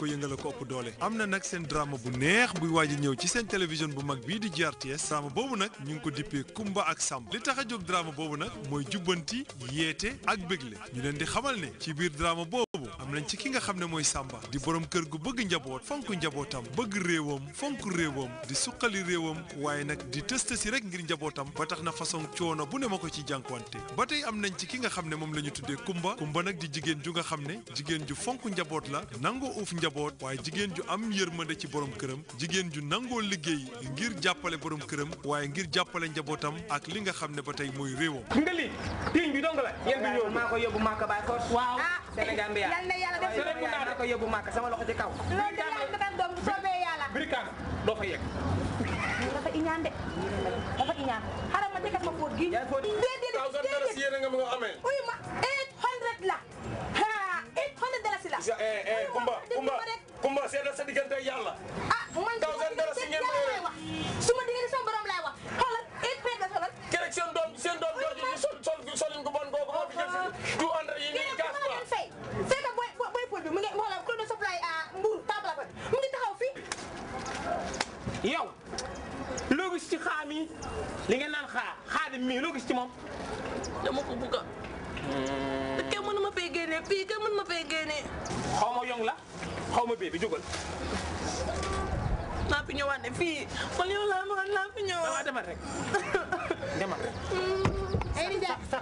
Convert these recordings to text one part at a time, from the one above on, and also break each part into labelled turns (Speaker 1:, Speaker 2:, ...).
Speaker 1: ko yëngale ko ëpp doole am na nag seen drama bu neex buy waaj a ñëw ci seen télévision bu mag bii di GRTS drama boobu nag ñu ngi ko dippee Kumba ak Sàmb li tax a jóg drama boobu nag mooy jubbanti yeete ak bégle ñu leen di xamal ne ci biir drama boobu dem nañ ci ki nga xam ne mooy Samba di boroom kër gu bëgg njaboot fonk njabootam bëgg réewam fonk réewam di suqali réewam waaye nag di tësta si rek ngir njabootam ba tax na façon coono bu ne ma ko ci jànkuwante ba tey am nañ ci ki nga xam ne moom la ñu tuddee Kumba Kumba nag di jigéen ju nga xam ne jigéen ju fonk njaboot la nangoo uuf njaboot waaye jigéen ju am yërmande ci boroom këram jigéen ju nangoo liggéey ngir jàppale boroom këram waaye ngir jàppale njabootam ak li nga xam ne ba tey mooy réewam nga Sénégambia yal na yàlla def na ko yóbbu sama loxo ci kaw.
Speaker 2: loolu de yàlla defal doom bu soobee yàlla. Brikama fa yegg. dafa iñaan de dafa iñaan xaaral ma dëkkat ma fóot gi. yaa ngi fóot déedéet déedéet nga amee. oui ma 800 la. ah 800 dalasi la. Eh, eh, Kumba Kumba Kumba seetal sa diggante yàlla. Ah, yow loo ci xaa li ngeen naan xaa xaadim mii loo gis ci moom. dama ko bugga te hmm. kenn mënu ma fay génnee fii kenn mënu ma fay génnee. xaw ma yong la xaw ma bee bi jógal. naa fi ñëwaat ne fii man ma xam naa
Speaker 1: fi rek
Speaker 3: demal hmm.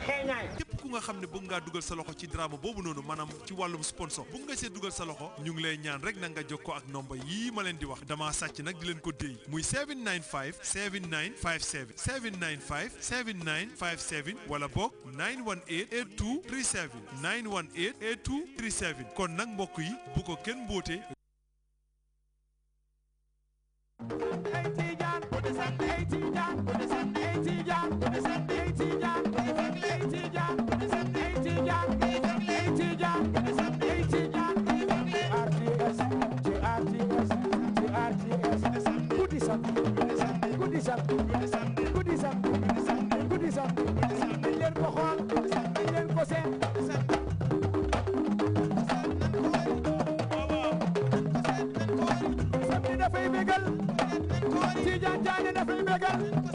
Speaker 3: xeeñaay.
Speaker 1: ku nga xam ne bëgg ngaa dugal sa loxo ci drama boobu noonu maanaam ci wàllum sponsor bëgg nga see dugal sa loxo ñu ngi lay ñaan rek na nga ko ak nomba yii ma leen di wax damaa sàcc nag di leen ko déy muy 795 7957 795 7957 wala boog 918 8237 918 8237 kon nag mbokk yi bu ko kenn mboote
Speaker 3: bégal Tidiane Diagne def ñu bégal